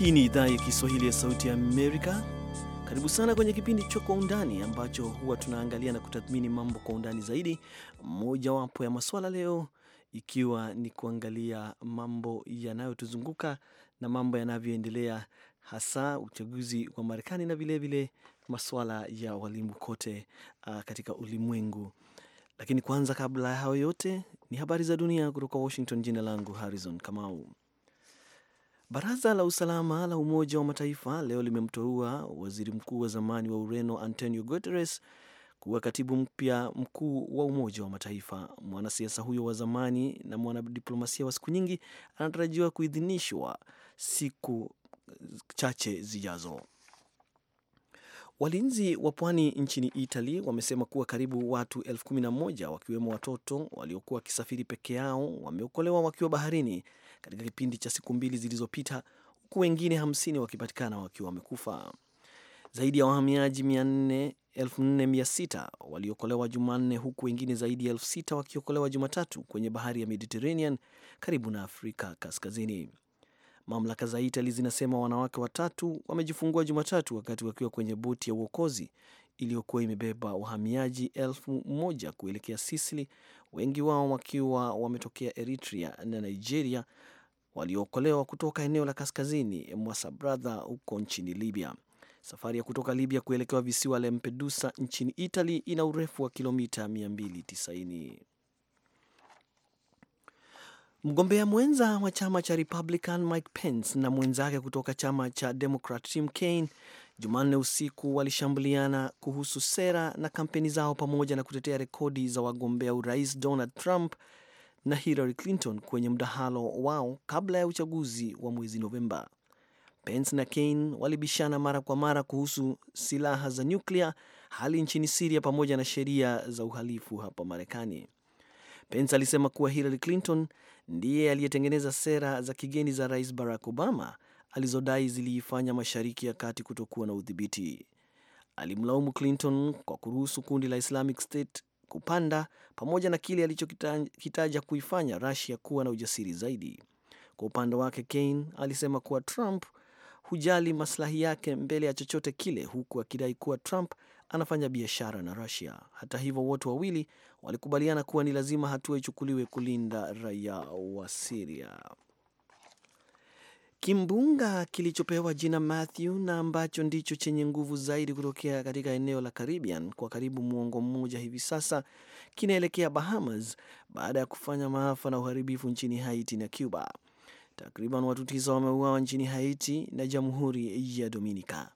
Hii ni idhaa ya Kiswahili ya Sauti ya Amerika. Karibu sana kwenye kipindi cha Kwa Undani ambacho huwa tunaangalia na kutathmini mambo kwa undani zaidi. Mojawapo ya maswala leo ikiwa ni kuangalia mambo yanayotuzunguka na mambo yanavyoendelea, hasa uchaguzi wa Marekani na vilevile maswala ya walimu kote uh, katika ulimwengu. Lakini kwanza, kabla ya hayo yote, ni habari za dunia kutoka Washington. Jina langu Harrison Kamau. Baraza la usalama la Umoja wa Mataifa leo limemteua waziri mkuu wa zamani wa Ureno Antonio Guterres kuwa katibu mpya mkuu wa Umoja wa Mataifa. Mwanasiasa huyo wa zamani na mwanadiplomasia wa siku nyingi anatarajiwa kuidhinishwa siku chache zijazo. Walinzi wa pwani nchini Italy wamesema kuwa karibu watu elfu kumi na moja wakiwemo watoto waliokuwa wakisafiri peke yao wameokolewa wakiwa baharini katika kipindi cha siku mbili zilizopita, huku wengine hamsini wakipatikana wakiwa wamekufa. Zaidi ya wahamiaji 46 waliokolewa Jumanne, huku wengine zaidi ya elfu sita wakiokolewa Jumatatu kwenye bahari ya Mediterranean karibu na Afrika Kaskazini. Mamlaka za Itali zinasema wanawake watatu wamejifungua Jumatatu wakati wakiwa kwenye boti ya uokozi iliyokuwa imebeba wahamiaji elfu moja kuelekea Sisili wengi wao wakiwa wametokea Eritrea na Nigeria, waliookolewa kutoka eneo la kaskazini mwa Sabratha huko nchini Libya. Safari ya kutoka Libya kuelekea visiwa Lampedusa nchini Italy ina urefu wa kilomita 290. Mgombea mwenza wa chama cha Republican Mike Pence na mwenzake kutoka chama cha Democrat Tim Kaine Jumanne usiku walishambuliana kuhusu sera na kampeni zao pamoja na kutetea rekodi za wagombea urais Donald Trump na Hillary Clinton kwenye mdahalo wao kabla ya uchaguzi wa mwezi Novemba. Pence na Kaine walibishana mara kwa mara kuhusu silaha za nyuklia, hali nchini Siria pamoja na sheria za uhalifu hapa Marekani. Pence alisema kuwa Hillary Clinton ndiye aliyetengeneza sera za kigeni za Rais Barack Obama alizodai ziliifanya Mashariki ya Kati kutokuwa na udhibiti. Alimlaumu Clinton kwa kuruhusu kundi la Islamic State kupanda pamoja na kile alichokitaja kuifanya Russia kuwa na ujasiri zaidi. Kwa upande wake, Kane alisema kuwa Trump hujali maslahi yake mbele ya chochote kile, huku akidai kuwa Trump anafanya biashara na Russia. Hata hivyo, wote wawili walikubaliana kuwa ni lazima hatua ichukuliwe kulinda raia wa Syria. Kimbunga kilichopewa jina Matthew na ambacho ndicho chenye nguvu zaidi kutokea katika eneo la Caribbean kwa karibu muongo mmoja hivi sasa, kinaelekea Bahamas baada ya kufanya maafa na uharibifu nchini Haiti na Cuba. Takriban watu tisa wameuawa nchini Haiti na Jamhuri ya Dominica.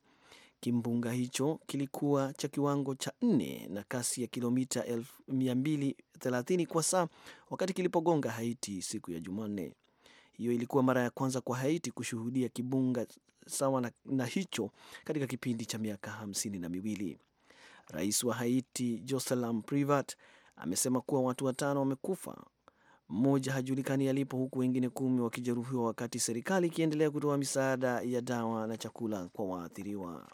Kimbunga hicho kilikuwa cha kiwango cha nne na kasi ya kilomita 230 kwa saa wakati kilipogonga Haiti siku ya Jumanne. Hiyo ilikuwa mara ya kwanza kwa Haiti kushuhudia kibunga sawa na, na hicho katika kipindi cha miaka hamsini na miwili. Rais wa Haiti Joselam Privat amesema kuwa watu watano wamekufa, mmoja hajulikani alipo, huku wengine kumi wakijeruhiwa, wakati serikali ikiendelea kutoa misaada ya dawa na chakula kwa waathiriwa.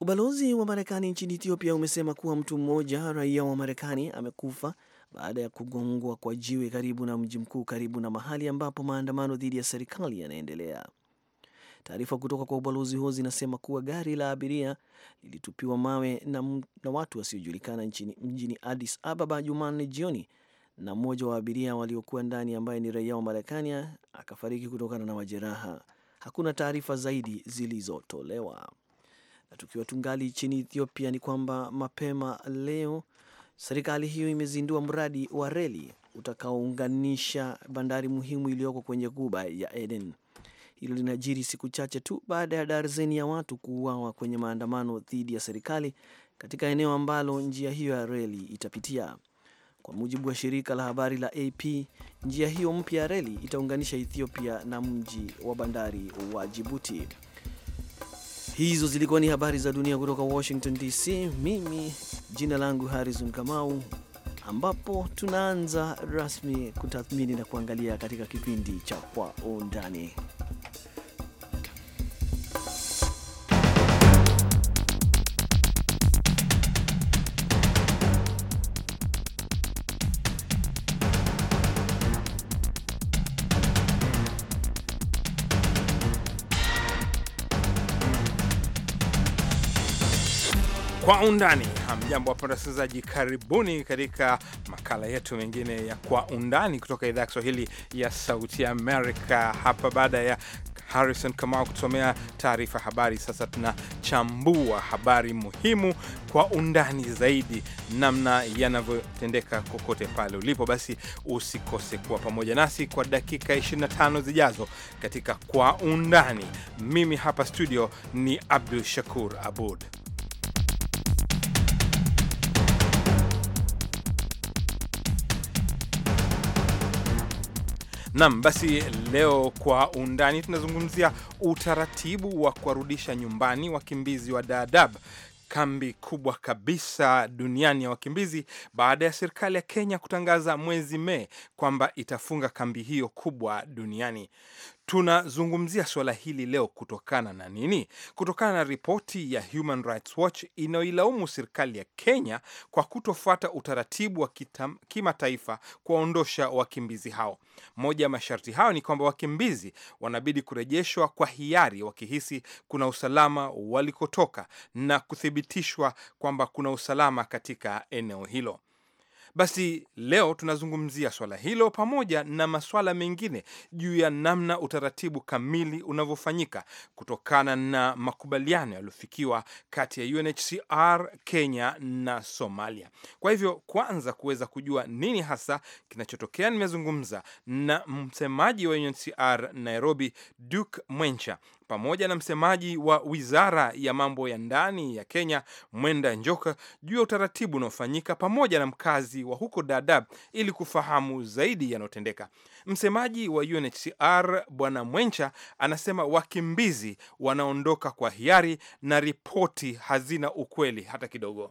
Ubalozi wa Marekani nchini Ethiopia umesema kuwa mtu mmoja raia wa Marekani amekufa baada ya kugongwa kwa jiwe karibu na mji mkuu, karibu na mahali ambapo maandamano dhidi ya serikali yanaendelea. Taarifa kutoka kwa ubalozi huo zinasema kuwa gari la abiria lilitupiwa mawe na, na watu wasiojulikana mjini Addis Ababa Jumanne jioni, na mmoja wa abiria waliokuwa ndani ambaye ni raia wa Marekani akafariki kutokana na majeraha. Hakuna taarifa zaidi zilizotolewa. Na tukiwa tungali nchini Ethiopia, ni kwamba mapema leo Serikali hiyo imezindua mradi wa reli utakaounganisha bandari muhimu iliyoko kwenye guba ya Eden. Hilo linajiri siku chache tu baada ya darzeni ya watu kuuawa kwenye maandamano dhidi ya serikali katika eneo ambalo njia hiyo ya reli itapitia. Kwa mujibu wa shirika la habari la AP, njia hiyo mpya ya reli itaunganisha Ethiopia na mji wa bandari wa Jibuti. Hizo zilikuwa ni habari za dunia kutoka Washington DC. Mimi jina langu Harrison Kamau, ambapo tunaanza rasmi kutathmini na kuangalia katika kipindi cha Kwa Undani. Kwa Undani. Hamjambo wapenda wasikilizaji, karibuni katika makala yetu mengine ya Kwa Undani kutoka idhaa ya Kiswahili ya Sauti ya Amerika. Hapa baada ya Harrison Kamau kutusomea taarifa habari, sasa tunachambua habari muhimu kwa undani zaidi, namna yanavyotendeka kokote pale ulipo. Basi usikose kuwa pamoja nasi kwa dakika 25 zijazo katika Kwa Undani. Mimi hapa studio ni Abdul Shakur Abud. Nam, basi leo kwa undani tunazungumzia utaratibu wa kuwarudisha nyumbani wakimbizi wa Dadaab, kambi kubwa kabisa duniani ya wakimbizi, baada ya serikali ya Kenya kutangaza mwezi Mei kwamba itafunga kambi hiyo kubwa duniani. Tunazungumzia suala hili leo kutokana na nini? Kutokana na ripoti ya Human Rights Watch inayoilaumu serikali ya Kenya kwa kutofuata utaratibu wa kimataifa kuwaondosha wakimbizi hao. Moja ya masharti hayo ni kwamba wakimbizi wanabidi kurejeshwa kwa hiari wakihisi kuna usalama walikotoka na kuthibitishwa kwamba kuna usalama katika eneo hilo. Basi leo tunazungumzia swala hilo pamoja na maswala mengine juu ya namna utaratibu kamili unavyofanyika kutokana na makubaliano yaliyofikiwa kati ya UNHCR Kenya na Somalia. Kwa hivyo, kwanza kuweza kujua nini hasa kinachotokea, nimezungumza na msemaji wa UNHCR Nairobi, Duke Mwencha pamoja na msemaji wa wizara ya mambo ya ndani ya Kenya Mwenda Njoka juu ya utaratibu unaofanyika pamoja na mkazi wa huko Dadaab ili kufahamu zaidi yanayotendeka. Msemaji wa UNHCR Bwana Mwencha anasema wakimbizi wanaondoka kwa hiari na ripoti hazina ukweli hata kidogo.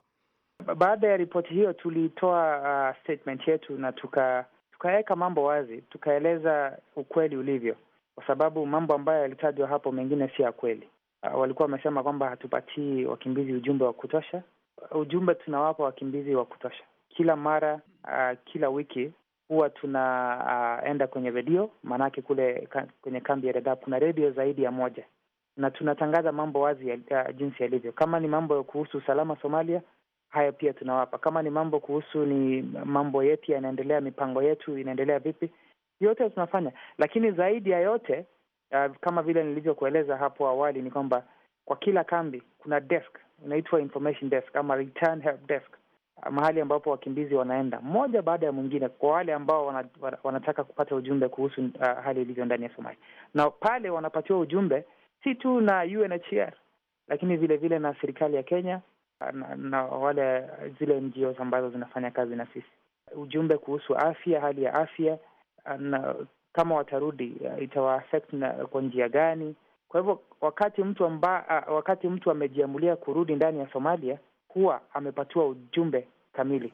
Baada ya ripoti hiyo tulitoa uh, statement yetu na tuka tukaweka mambo wazi, tukaeleza ukweli ulivyo kwa sababu mambo ambayo yalitajwa hapo mengine si ya kweli. Ah, walikuwa wamesema kwamba hatupatii wakimbizi ujumbe wa kutosha. Ujumbe tunawapa wakimbizi wa kutosha kila mara. Uh, kila wiki huwa tunaenda ah, uh, kwenye redio, maanake kule ka, kwenye kambi ya Dadaab kuna redio zaidi ya moja, na tunatangaza mambo wazi ya, ya, jinsi yalivyo. Kama ni mambo kuhusu usalama Somalia, haya pia tunawapa. Kama ni mambo kuhusu ni mambo yetu yanaendelea, mipango yetu inaendelea vipi, yote tunafanya, lakini zaidi ya yote uh, kama vile nilivyokueleza hapo awali ni kwamba kwa kila kambi kuna desk inaitwa information desk ama return help desk, uh, mahali ambapo wakimbizi wanaenda mmoja baada ya mwingine, kwa wale ambao wana, wanataka kupata ujumbe kuhusu uh, hali ilivyo ndani ya Somalia, na pale wanapatiwa ujumbe si tu na UNHCR lakini vile vile na serikali ya Kenya uh, na, na wale uh, zile NGOs ambazo zinafanya kazi na sisi, ujumbe kuhusu afya, hali ya afya na kama watarudi uh, itawaaffect kwa njia gani? Kwa hivyo wakati mtu amba, uh, wakati mtu amejiamulia kurudi ndani ya Somalia huwa amepatiwa ujumbe kamili.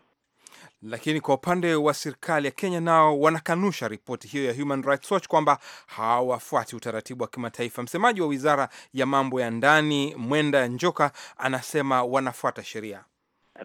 Lakini kwa upande wa serikali ya Kenya nao wanakanusha ripoti hiyo ya Human Rights Watch kwamba hawafuati utaratibu wa kimataifa. Msemaji wa wizara ya mambo ya ndani Mwenda Njoka anasema wanafuata sheria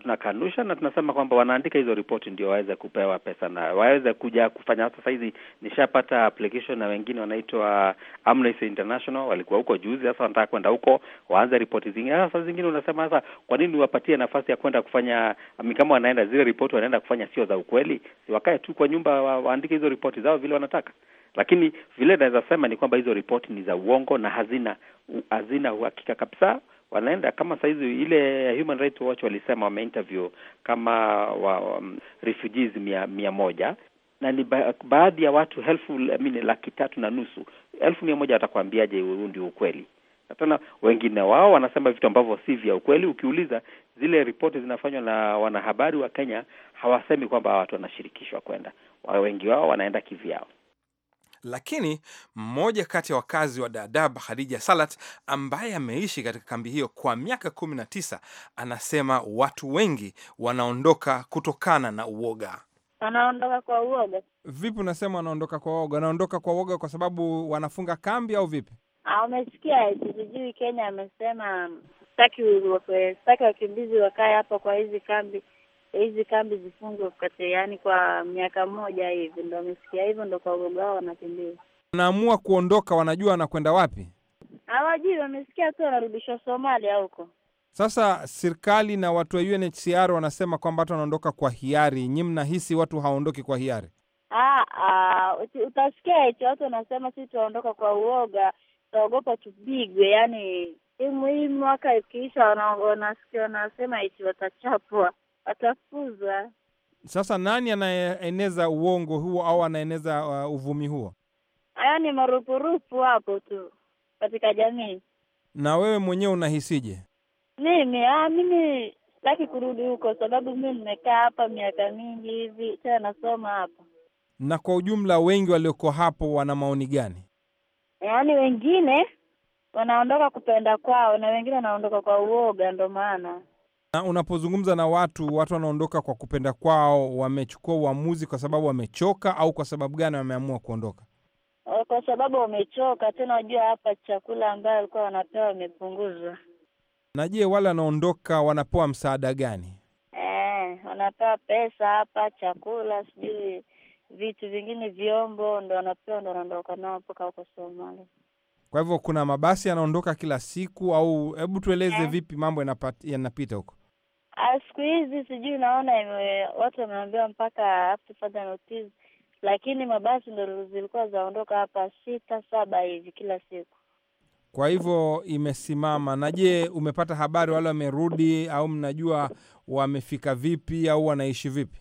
tunakanusha na tunasema kwamba wanaandika hizo ripoti ndio waweze kupewa pesa na waweze kuja kufanya. Sasa hizi nishapata application na wengine wanaitwa Amnesty International walikuwa huko juzi, sasa wanataka kwenda huko waanze ripoti zingine. Sasa zingine unasema sasa, kwa nini wapatie nafasi ya kwenda kufanya? Kama wanaenda zile ripoti wanaenda kufanya sio za ukweli, wakae tu kwa nyumba wa, waandike hizo ripoti zao vile wanataka. Lakini vile naweza sema ni kwamba hizo ripoti ni za uongo na hazina hazina uhakika kabisa wanaenda kama sahizi ile Human Rights Watch walisema wameinterview kama wa, um, refugees mia, mia moja na ni ba, baadhi ya watu elfu I laki tatu na nusu elfu mia moja watakuambiaje huu ndio ukweli? Na tena wengine wao wanasema vitu ambavyo si vya ukweli. Ukiuliza zile ripoti zinafanywa na wanahabari wa Kenya, hawasemi kwamba watu wanashirikishwa kwenda, wengi wao wanaenda kivyao. Lakini mmoja kati ya wakazi wa Dadaab, Khadija Salat, ambaye ameishi katika kambi hiyo kwa miaka kumi na tisa anasema watu wengi wanaondoka kutokana na uoga. Wanaondoka kwa uoga. Vipi unasema wanaondoka kwa uoga? Wanaondoka kwa uoga kwa sababu wanafunga kambi au vipi? Ah, umesikia sijui Kenya amesema staki wakimbizi wakae hapa kwa hizi kambi hizi kambi zifungwe kati, yani kwa miaka moja hivi, ndo wamesikia hivyo, ndo kwa ugogo wao wanakimbia. Wanaamua kuondoka, wanajua wanakwenda wapi? Hawajui, wamesikia tu wanarudishwa Somalia huko. Sasa serikali na watu wa UNHCR wanasema kwamba watu wanaondoka kwa hiari. Nyi mnahisi watu hawaondoki kwa hiari? Ah, ah, utasikia hicho watu wanasema sisi tunaondoka kwa uoga, tunaogopa tupigwe. Yani hii mwaka ikiisha, wanasema hichi watachapwa watafuzwa. Sasa nani anaeneza uongo huo au anaeneza uh, uvumi huo? Haya ni marupurupu hapo tu katika jamii. Na wewe mwenyewe unahisije? Mimi ah, mimi sitaki kurudi huko, sababu mi nimekaa hapa miaka mingi hivi, tena nasoma hapa. Na kwa ujumla, wengi walioko hapo wana maoni gani? Yaani wengine wanaondoka kupenda kwao na wengine wanaondoka kwa uoga, ndo maana na unapozungumza na watu, watu wanaondoka kwa kupenda kwao, wamechukua uamuzi kwa sababu wamechoka, au kwa sababu gani wameamua kuondoka? Ah, kwa sababu wamechoka. Tena wajua, hapa chakula ambayo walikuwa wanapewa wamepunguzwa. Na je, wale wanaondoka wanapewa msaada gani? E, wanapewa pesa hapa, chakula, sijui vitu vingine, vyombo ndo wanapewa, ndo wanaondoka nao mpaka huko Somalia. Kwa hivyo kuna mabasi yanaondoka kila siku au? Hebu tueleze, e, vipi mambo yanapita huko? Ah, siku hizi sijui, naona watu wameambiwa mpaka after further notice, lakini mabasi ndo zilikuwa zaondoka hapa sita saba hivi kila siku, kwa hivyo imesimama. Na je, umepata habari wale wamerudi, au mnajua wamefika vipi au wanaishi vipi?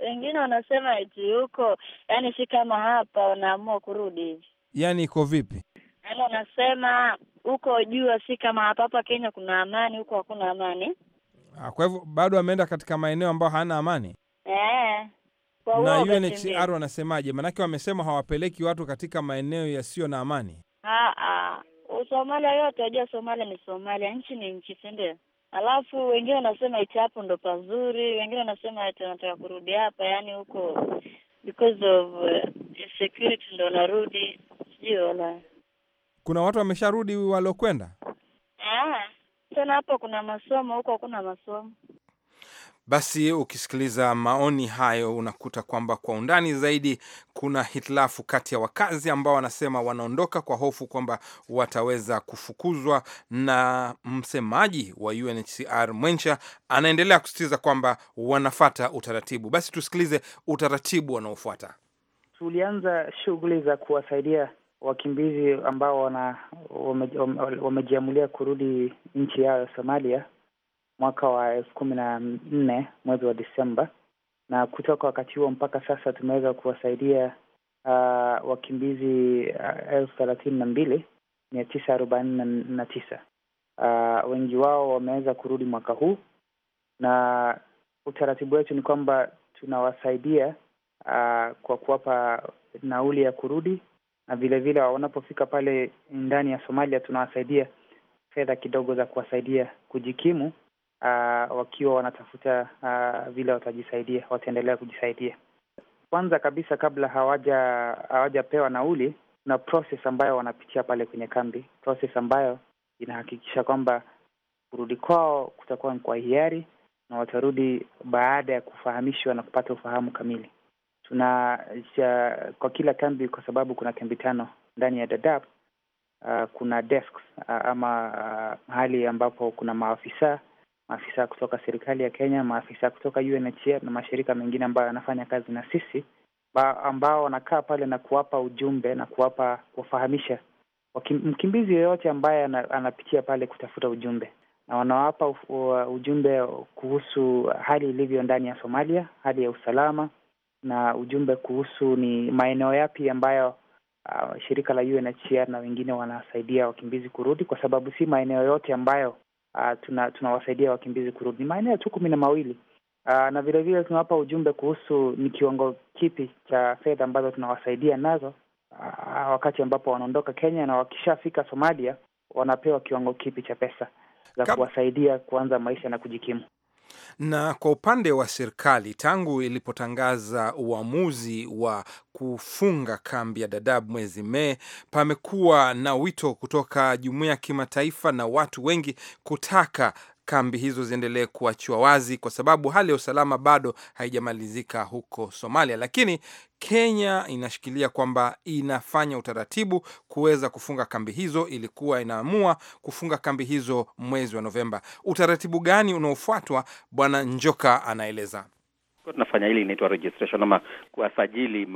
Wengine wanasema eti huko, yani si kama hapa, wanaamua kurudi hivi. Yani iko vipi? Yaani wanasema huko jua si kama hapa. Hapa Kenya kuna amani, huko hakuna amani. Ah, kwa hivyo bado ameenda katika maeneo ambayo hana amani e. Na UNHCR wanasemaje? Maanake wamesema hawapeleki watu katika maeneo yasiyo na amani. Ah, ah. Somalia yote wajua, Somalia ni Somalia, nchi ni nchi, si ndio? Alafu wengine wanasema iti hapo ndo pazuri, wengine wanasema eti wanataka kurudi hapa, yani huko because of eh, security ndo wanarudi, sijui wala kuna watu wamesharudi waliokwenda tena hapo kuna masomo, huko hakuna masomo. Basi ukisikiliza maoni hayo unakuta kwamba kwa undani zaidi kuna hitilafu kati ya wakazi ambao wanasema wanaondoka kwa hofu kwamba wataweza kufukuzwa, na msemaji wa UNHCR Mwencha anaendelea kusisitiza kwamba wanafata utaratibu. Basi tusikilize utaratibu wanaofuata. Tulianza shughuli za kuwasaidia wakimbizi ambao wana wamejiamulia kurudi nchi yao ya Somalia mwaka wa elfu kumi na nne mwezi wa Disemba, na kutoka wakati huo mpaka sasa tumeweza kuwasaidia uh, wakimbizi uh, elfu thelathini na mbili mia tisa arobaini na tisa. Uh, wengi wao wameweza kurudi mwaka huu, na utaratibu wetu ni kwamba tunawasaidia uh, kwa kuwapa nauli ya kurudi na vilevile wanapofika pale ndani ya Somalia tunawasaidia fedha kidogo za kuwasaidia kujikimu, uh, wakiwa wanatafuta uh, vile watajisaidia, wataendelea kujisaidia. Kwanza kabisa kabla hawaja hawajapewa nauli, kuna process ambayo wanapitia pale kwenye kambi, process ambayo inahakikisha kwamba kurudi kwao kutakuwa kwa hiari na watarudi baada ya kufahamishwa na kupata ufahamu kamili tuna kwa kila kambi, kwa sababu kuna kambi tano ndani ya Dadaab. Uh, kuna desks uh, ama uh, ambapo kuna maafisa maafisa kutoka serikali ya Kenya, maafisa kutoka UNHCR na mashirika mengine ambayo yanafanya kazi na sisi, ambao wanakaa pale na kuwapa ujumbe na kuwapa kuwafahamisha mkimbizi yeyote ambaye anapitia pale kutafuta ujumbe, na wanawapa ujumbe kuhusu hali ilivyo ndani ya Somalia, hali ya usalama na ujumbe kuhusu ni maeneo yapi ambayo uh, shirika la UNHCR na wengine wanasaidia wakimbizi kurudi, kwa sababu si maeneo yote ambayo uh, tuna tunawasaidia wakimbizi kurudi, ni maeneo tu kumi na mawili. Uh, na vilevile tunawapa ujumbe kuhusu ni kiwango kipi cha fedha ambazo tunawasaidia nazo uh, wakati ambapo wanaondoka Kenya na wakishafika Somalia wanapewa kiwango kipi cha pesa za kuwasaidia kuanza maisha na kujikimu. Na kwa upande wa serikali, tangu ilipotangaza uamuzi wa kufunga kambi ya Dadaab mwezi Mei, pamekuwa na wito kutoka jumuiya ya kimataifa na watu wengi kutaka kambi hizo ziendelee kuachiwa wazi, kwa sababu hali ya usalama bado haijamalizika huko Somalia. Lakini Kenya inashikilia kwamba inafanya utaratibu kuweza kufunga kambi hizo. Ilikuwa inaamua kufunga kambi hizo mwezi wa Novemba. Utaratibu gani unaofuatwa? Bwana Njoka anaeleza. Tunafanya hili inaitwa registration ama kuwasajili uh,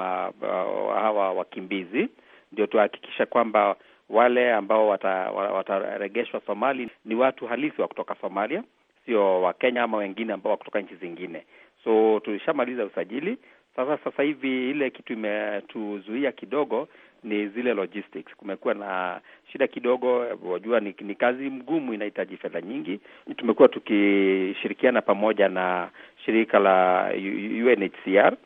hawa wakimbizi ndio tuhakikisha kwamba wale ambao wataregeshwa wata Somali ni watu halisi wa kutoka Somalia, sio Wakenya ama wengine ambao wa kutoka nchi zingine. So tulishamaliza usajili sasa. Sasa hivi ile kitu imetuzuia kidogo ni zile logistics. Kumekuwa na shida kidogo, wajua ni, ni kazi mgumu, inahitaji fedha nyingi. Tumekuwa tukishirikiana pamoja na shirika la UNHCR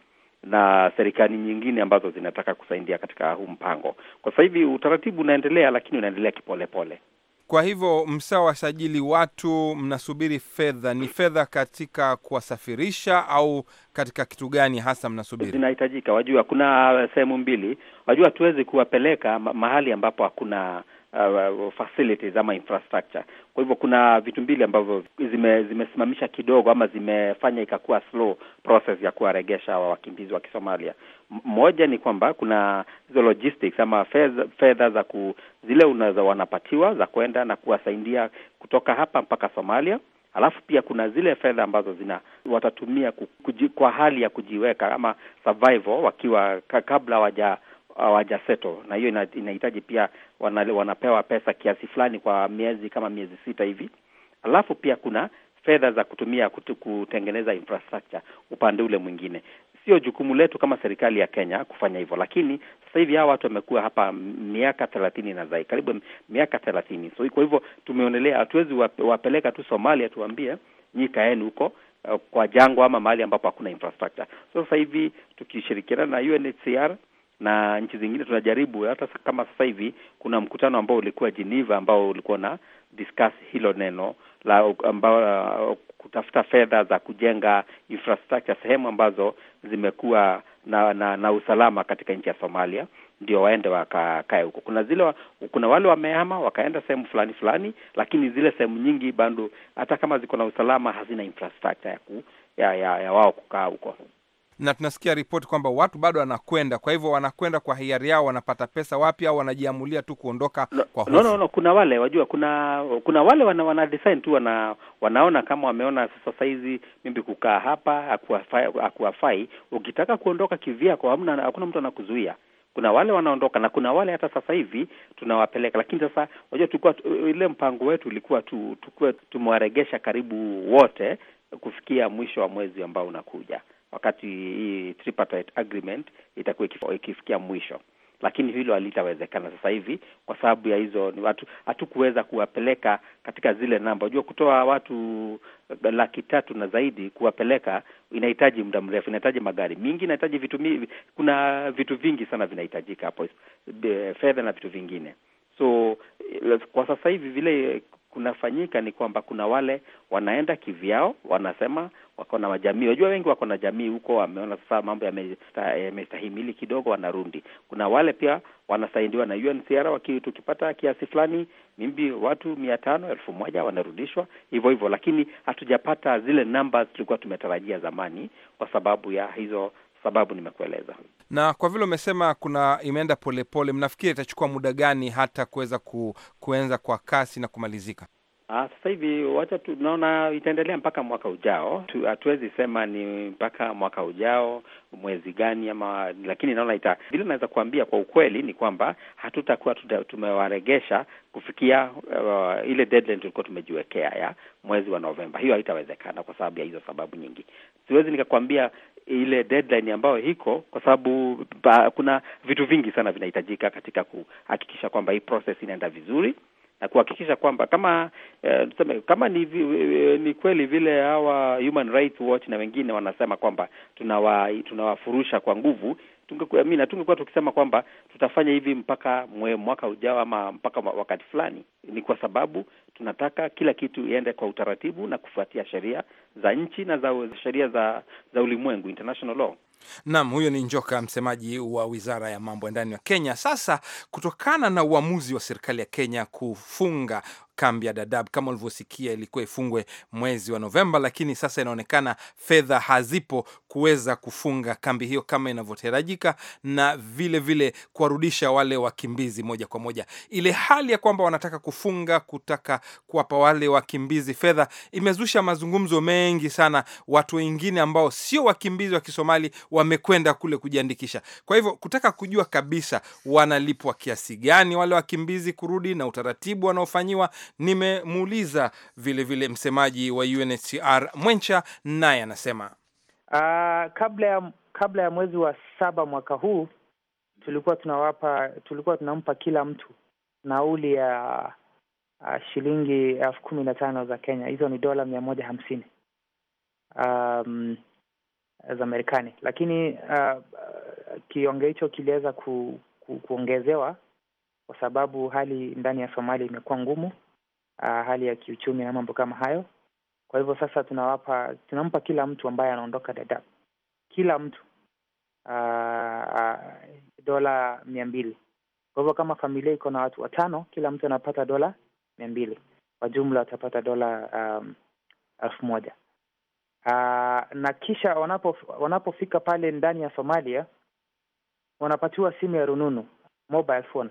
na serikali nyingine ambazo zinataka kusaidia katika huu mpango. Kwa sasa hivi utaratibu unaendelea, lakini unaendelea kipolepole. Kwa hivyo msawasajili watu, mnasubiri fedha. Ni fedha katika kuwasafirisha au katika kitu gani hasa mnasubiri? Zinahitajika, wajua kuna sehemu mbili, wajua hatuwezi kuwapeleka mahali ambapo hakuna Uh, uh, facilities ama infrastructure. Kwa hivyo kuna vitu mbili ambavyo zime, zimesimamisha kidogo ama zimefanya ikakuwa slow process ya kuwaregesha wa wakimbizi wa Kisomalia. Moja ni kwamba kuna hizo logistics ama fedha za ku zile unaweza wanapatiwa za kwenda na kuwasaidia kutoka hapa mpaka Somalia. Alafu pia kuna zile fedha ambazo zina watatumia kuji, kwa hali ya kujiweka ama survival wakiwa kabla waja hawajaseto, na hiyo inahitaji pia wana, wanapewa pesa kiasi fulani kwa miezi kama miezi sita hivi, alafu pia kuna fedha za kutumia kutu, kutengeneza infrastructure upande ule mwingine. Sio jukumu letu kama serikali ya Kenya kufanya hivyo, lakini sasa hivi hawa watu wamekuwa hapa miaka thelathini na zaidi, karibu miaka thelathini. So kwa hivyo tumeonelea hatuwezi wapeleka tu Somalia tuambie nyi kaeni huko eh, kwa jangwa ama mahali ambapo hakuna infrastructure. So sasa hivi tukishirikiana na UNHCR na nchi zingine tunajaribu. Hata kama sasa hivi kuna mkutano ambao ulikuwa Geneva ambao ulikuwa na discuss hilo neno la ambao, uh, kutafuta fedha za kujenga infrastructure sehemu ambazo zimekuwa na, na, na usalama katika nchi ya Somalia ndio waende wakakae huko. Kuna zile kuna wale wamehama wakaenda sehemu fulani fulani, lakini zile sehemu nyingi bado hata kama ziko na usalama hazina infrastructure ya, ku, ya, ya, ya wao kukaa huko na tunasikia ripoti kwamba watu bado wanakwenda. Kwa hivyo wanakwenda kwa hiari yao, wanapata pesa wapi, au wanajiamulia tu kuondoka no, kwa hofu? No, no, no, kuna wale wajua, kuna kuna wale wana, wana design tu wana, wanaona kama wameona sasa saizi mimi kukaa hapa hakuwafai. Ukitaka kuondoka kivyako, hakuna mtu anakuzuia kuna wale wanaondoka na kuna wale hata sasa hivi tunawapeleka, lakini sasa unajua, tulikuwa ile mpango wetu ulikuwa tu tukuwe tumewaregesha karibu wote kufikia mwisho wa mwezi ambao unakuja wakati hii tripartite agreement itakuwa ikifikia mwisho, lakini hilo halitawezekana sasa hivi kwa sababu ya hizo ni watu, hatukuweza kuwapeleka katika zile namba. Unajua, kutoa watu eh, laki tatu na zaidi kuwapeleka inahitaji muda mrefu, inahitaji magari mingi, inahitaji vitu mingi, kuna vitu vingi sana vinahitajika hapo, eh, fedha na vitu vingine. So eh, kwa sasa hivi vile kunafanyika ni kwamba kuna wale wanaenda kivyao, wanasema wako na majamii. Wajua, wengi wako na jamii huko, wameona sasa mambo yamestahimili kidogo, wanarudi. Kuna wale pia wanasaidiwa na UNHCR, waki tukipata kiasi fulani, mimbi watu mia tano elfu moja wanarudishwa hivyo hivyo, lakini hatujapata zile numbers tulikuwa tumetarajia zamani kwa sababu ya hizo sababu nimekueleza. Na kwa vile umesema kuna imeenda polepole, mnafikiri itachukua muda gani hata kuweza ku, kuenza kwa kasi na kumalizika? Ah, sasa hivi wacha tunaona itaendelea mpaka mwaka ujao. Hatuwezi sema ni mpaka mwaka ujao mwezi gani ama, lakini naona ita vile naweza kuambia kwa ukweli ni kwamba hatutakuwa tumewaregesha kufikia uh, ile deadline tulikuwa tumejiwekea ya mwezi wa Novemba. Hiyo haitawezekana kwa sababu ya hizo sababu nyingi. Siwezi nikakwambia ile deadline ambayo iko, kwa sababu kuna vitu vingi sana vinahitajika katika kuhakikisha kwamba hii process inaenda vizuri na kuhakikisha kwamba kama eh, tuseme kama ni, eh, ni kweli vile hawa Human Rights Watch na wengine wanasema kwamba tunawa tunawafurusha kwa nguvu tungekuwa mimi na tungekuwa tukisema kwamba tutafanya hivi mpaka mwe, mwaka ujao ama mpaka wakati fulani. Ni kwa sababu tunataka kila kitu iende kwa utaratibu na kufuatia sheria za nchi na za sheria za, za ulimwengu, international law. Naam, huyo ni Njoka, msemaji wa wizara ya mambo ya ndani ya Kenya. Sasa, kutokana na uamuzi wa serikali ya Kenya kufunga kambi ya Dadaab kama ulivyosikia, ilikuwa ifungwe mwezi wa Novemba, lakini sasa inaonekana fedha hazipo kuweza kufunga kambi hiyo kama inavyotarajika, na vile vile kuwarudisha wale wakimbizi moja kwa moja. Ile hali ya kwamba wanataka kufunga, kutaka kuwapa wale wakimbizi fedha, imezusha mazungumzo mengi sana. Watu wengine ambao sio wakimbizi wa Kisomali wamekwenda kule kujiandikisha, kwa hivyo kutaka kujua kabisa wanalipwa kiasi gani wale wakimbizi kurudi na utaratibu wanaofanyiwa Nimemuuliza vilevile msemaji wa UNHCR Mwencha, naye anasema uh, kabla ya kabla ya mwezi wa saba mwaka huu tulikuwa tunawapa tulikuwa tunampa kila mtu nauli ya uh, shilingi elfu kumi na tano za Kenya. Hizo ni dola mia moja hamsini um, za Marekani, lakini uh, kionge hicho kiliweza ku, ku, kuongezewa kwa sababu hali ndani ya Somalia imekuwa ngumu uh, hali ya kiuchumi na mambo kama hayo. Kwa hivyo sasa tunawapa, tunampa kila mtu ambaye anaondoka Dadaab, kila mtu uh, uh, dola mia mbili. Kwa hivyo kama familia iko na watu watano, kila mtu anapata dola mia mbili, kwa jumla watapata dola um, elfu moja uh, na kisha wanapo, wanapofika pale ndani ya Somalia wanapatiwa simu ya rununu mobile phone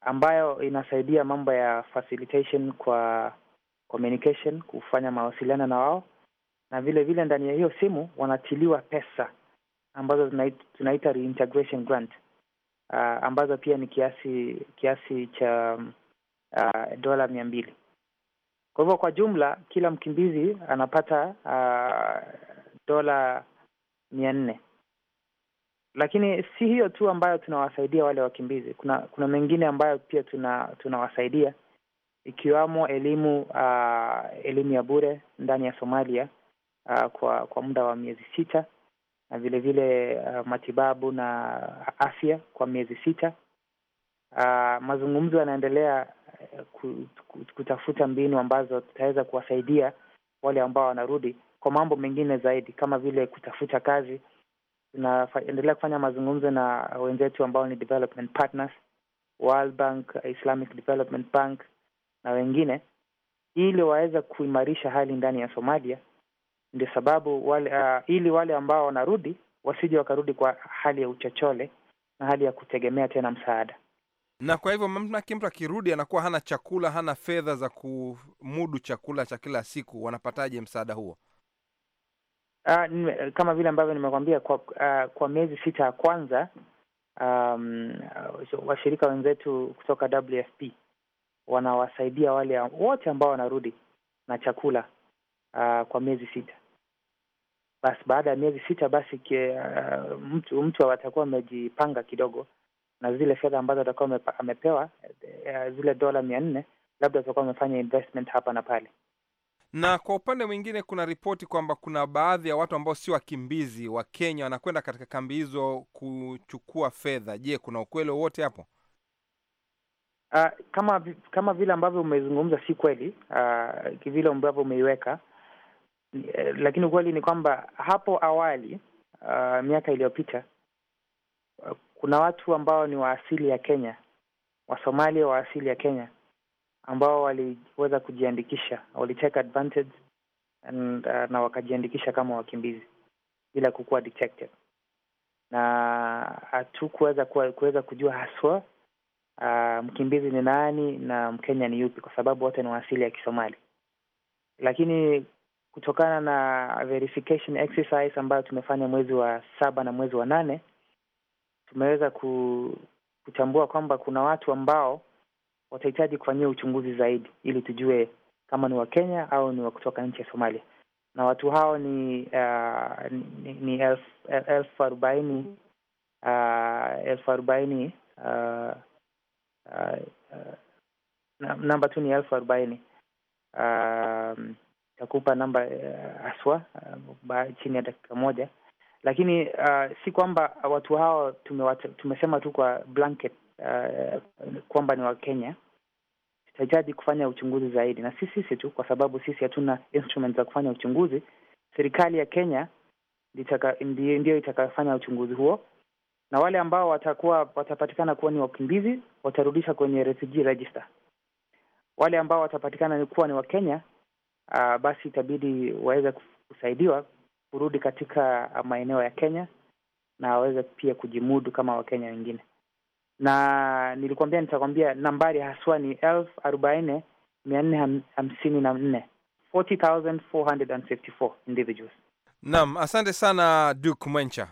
ambayo inasaidia mambo ya facilitation kwa communication, kufanya mawasiliano na wao, na vile vile ndani ya hiyo simu wanatiliwa pesa ambazo tunaita reintegration grant uh, ambazo pia ni kiasi kiasi cha uh, dola mia mbili. Kwa hivyo kwa jumla kila mkimbizi anapata uh, dola mia nne lakini si hiyo tu ambayo tunawasaidia wale wakimbizi, kuna kuna mengine ambayo pia tuna tunawasaidia ikiwamo elimu uh, elimu ya bure ndani ya Somalia uh, kwa kwa muda wa miezi sita na vilevile vile, uh, matibabu na afya kwa miezi sita. Uh, mazungumzo yanaendelea eh, kutafuta mbinu ambazo tutaweza kuwasaidia wale ambao wanarudi kwa mambo mengine zaidi kama vile kutafuta kazi tunaendelea kufanya mazungumzo na wenzetu ambao ni development partners, World Bank, Islamic Development Bank na wengine, ili waweze kuimarisha hali ndani ya Somalia. Ndio sababu wale, uh, ili wale ambao wanarudi wasije wakarudi kwa hali ya uchochole na hali ya kutegemea tena msaada. Na kwa hivyo manake, mtu akirudi anakuwa hana chakula, hana fedha za kumudu chakula cha kila siku, wanapataje msaada huo? Uh, kama vile ambavyo nimekwambia kwa, uh, kwa miezi sita ya kwanza um, washirika wenzetu kutoka WFP wanawasaidia wale wote ambao wanarudi na chakula uh, kwa miezi sita. Basi baada ya miezi sita basi ke, uh, mtu mtu atakuwa amejipanga kidogo na zile fedha ambazo atakuwa amepewa, uh, zile dola mia nne labda atakuwa amefanya investment hapa na pale. Na kwa upande mwingine, kuna ripoti kwamba kuna baadhi ya watu ambao si wakimbizi wa Kenya wanakwenda katika kambi hizo kuchukua fedha. Je, kuna ukweli wowote hapo? Uh, kama kama vile ambavyo umezungumza, si kweli uh, ah, kivile ambavyo umeiweka eh, lakini ukweli ni kwamba hapo awali uh, miaka iliyopita uh, kuna watu ambao ni wa asili ya Kenya, Wasomalia wa asili ya Kenya ambao waliweza kujiandikisha, wali take advantage and, uh, na wakajiandikisha kama wakimbizi bila kukuwa detected, na hatukuweza kuweza kujua haswa uh, mkimbizi ni nani na Mkenya ni yupi, kwa sababu wote ni waasili ya Kisomali, lakini kutokana na verification exercise ambayo tumefanya mwezi wa saba na mwezi wa nane tumeweza kutambua kwamba kuna watu ambao watahitaji kufanyia uchunguzi zaidi ili tujue kama ni Wakenya au ni wa kutoka nchi ya Somalia, na watu hao ni uh, ni, ni elfu arobaini uh, elfu arobaini uh, uh, namba tu ni elfu arobaini um, takupa namba haswa uh, chini ya dakika moja, lakini uh, si kwamba watu hao tumesema tu kwa blanket uh, kwamba ni Wakenya, tutahitaji kufanya uchunguzi zaidi, na si sisi tu, kwa sababu sisi hatuna instrument za kufanya uchunguzi. Serikali ya Kenya ndiyo itakayofanya uchunguzi huo, na wale ambao watakuwa watapatikana kuwa ni wakimbizi watarudisha kwenye refugee register. Wale ambao watapatikana kuwa ni Wakenya uh, ah, basi itabidi waweze kusaidiwa kurudi katika maeneo ya Kenya na waweze pia kujimudu kama Wakenya wengine na nilikwambia nitakwambia nambari haswa ni elfu arobaini mia nne hamsini na nne 40,454 individuals. Naam, asante sana Duke Mwencha.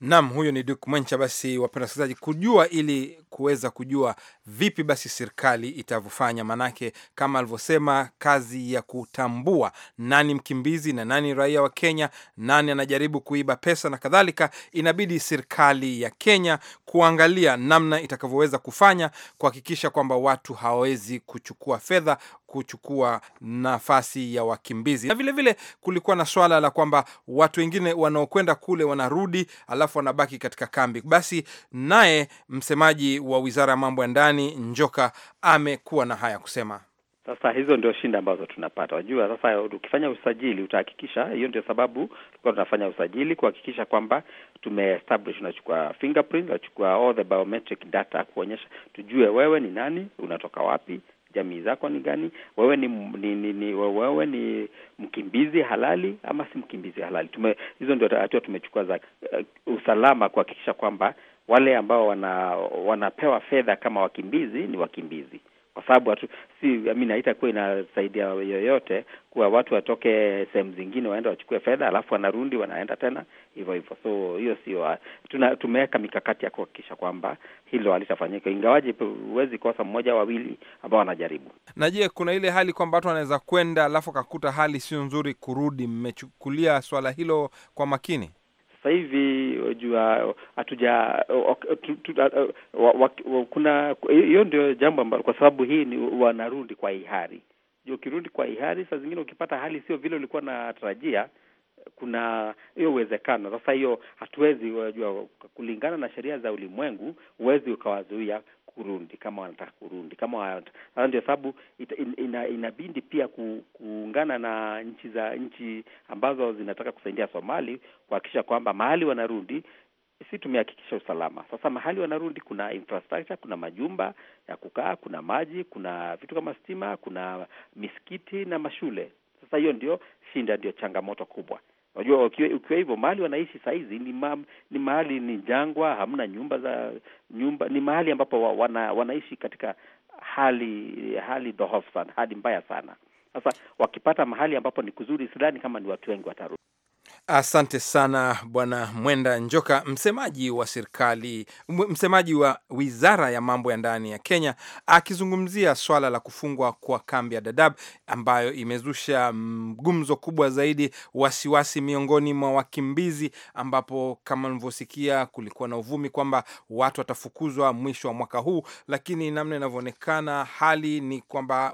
Nam, huyu ni Duke Mwencha. Basi wapenda wasikilizaji, kujua ili kuweza kujua vipi basi serikali itavyofanya, maanake kama alivyosema, kazi ya kutambua nani mkimbizi na nani raia wa Kenya, nani anajaribu kuiba pesa na kadhalika, inabidi serikali ya Kenya kuangalia namna itakavyoweza kufanya kuhakikisha kwamba watu hawawezi kuchukua fedha kuchukua nafasi ya wakimbizi. Na vilevile vile kulikuwa na swala la kwamba watu wengine wanaokwenda kule wanarudi, alafu wanabaki katika kambi. Basi naye msemaji wa wizara ya mambo ya ndani Njoka amekuwa na haya kusema. Sasa hizo ndio shinda ambazo tunapata. Wajua, sasa ukifanya usajili utahakikisha hiyo. Ndio sababu tulikuwa tunafanya usajili kuhakikisha kwamba tumeestablish, unachukua fingerprint, unachukua all the biometric data kuonyesha, tujue wewe ni nani, unatoka wapi jamii zako ni gani, wewe ni, ni, ni, ni wewe ni mkimbizi halali ama si mkimbizi halali. Tume, hizo ndio hatua tumechukua za uh, usalama kuhakikisha kwamba wale ambao wana, wanapewa fedha kama wakimbizi ni wakimbizi kwa sababu watu si mimi naita kuwa inasaidia yoyote kuwa watu watoke sehemu zingine waende wachukue fedha alafu wanarundi wanaenda tena hivyo hivyo. So hiyo sio, tumeweka mikakati ya kuhakikisha kwamba hilo halitafanyika, ingawaji huwezi kosa mmoja wawili ambao wanajaribu. Na je, kuna ile hali kwamba watu wanaweza kwenda alafu akakuta hali sio nzuri kurudi? Mmechukulia swala hilo kwa makini? sasa hivi jua hatuja uh, uh, kuna hiyo ndio jambo ambalo, kwa sababu hii ni wanarudi kwa ihari. ukirudi kwa ihari, saa zingine ukipata hali sio vile ulikuwa na tarajia kuna hiyo uwezekano sasa. Hiyo hatuwezi wajua, kulingana na sheria za ulimwengu, huwezi ukawazuia kurundi kama wanataka kurundi kama. wanataka. ndio sababu ina, pia ku, kuungana na nchi za nchi ambazo zinataka kusaidia Somali kuhakikisha kwamba mahali wanarundi si tumehakikisha usalama. Sasa mahali wanarundi kuna infrastructure, kuna majumba ya kukaa, kuna maji, kuna vitu kama stima, kuna misikiti na mashule. Sasa hiyo ndio shinda, ndio changamoto kubwa. Unajua, ukiwa hivyo mahali wanaishi sahizi ni, ma, ni mahali ni jangwa, hamna nyumba za nyumba, ni mahali ambapo wa, wana, wanaishi katika hali hali dhohofu sana, hali mbaya sana. Sasa wakipata mahali ambapo ni kuzuri, sidhani kama ni watu wengi watarudi. Asante sana bwana Mwenda Njoka, msemaji wa serikali, msemaji wa wizara ya mambo ya ndani ya Kenya, akizungumzia swala la kufungwa kwa kambi ya Dadaab ambayo imezusha mgumzo mm, kubwa zaidi, wasiwasi miongoni mwa wakimbizi, ambapo kama mlivyosikia, kulikuwa na uvumi kwamba watu watafukuzwa mwisho wa mwaka huu, lakini namna inavyoonekana hali ni kwamba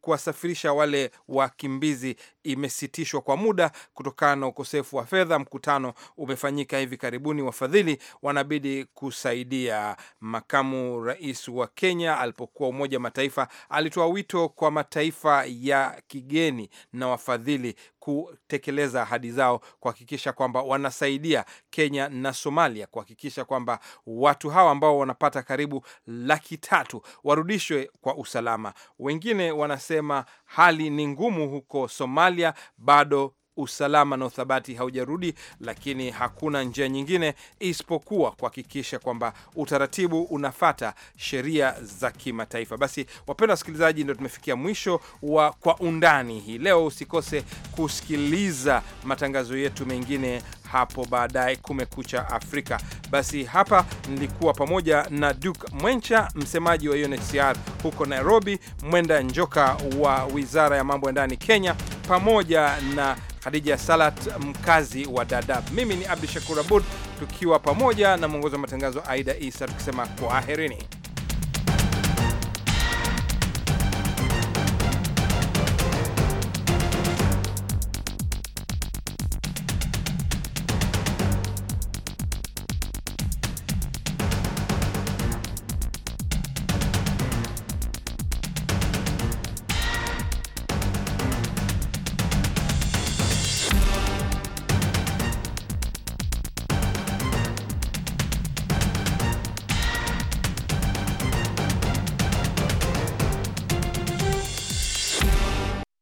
kuwasafirisha wale wakimbizi imesitishwa kwa muda kutokana na ukosefu wa fedha. Mkutano umefanyika hivi karibuni, wafadhili wanabidi kusaidia. Makamu rais wa Kenya alipokuwa Umoja Mataifa alitoa wito kwa mataifa ya kigeni na wafadhili kutekeleza ahadi zao, kuhakikisha kwamba wanasaidia Kenya na Somalia kuhakikisha kwamba watu hawa ambao wanapata karibu laki tatu warudishwe kwa usalama. Wengine wanasema hali ni ngumu huko Somalia, bado usalama na uthabati haujarudi, lakini hakuna njia nyingine isipokuwa kuhakikisha kwamba utaratibu unafata sheria za kimataifa. Basi wapenda wasikilizaji, ndio tumefikia mwisho wa Kwa Undani hii leo. Usikose kusikiliza matangazo yetu mengine hapo baadaye. Kumekucha Afrika. Basi hapa nilikuwa pamoja na Duke Mwencha, msemaji wa UNHCR huko Nairobi, Mwenda Njoka wa wizara ya mambo ya ndani Kenya, pamoja na Khadija Salat, mkazi wa dadab Mimi ni Abdu Shakur Abud, tukiwa pamoja na mwongozi wa matangazo Aida Isa, tukisema kwaherini.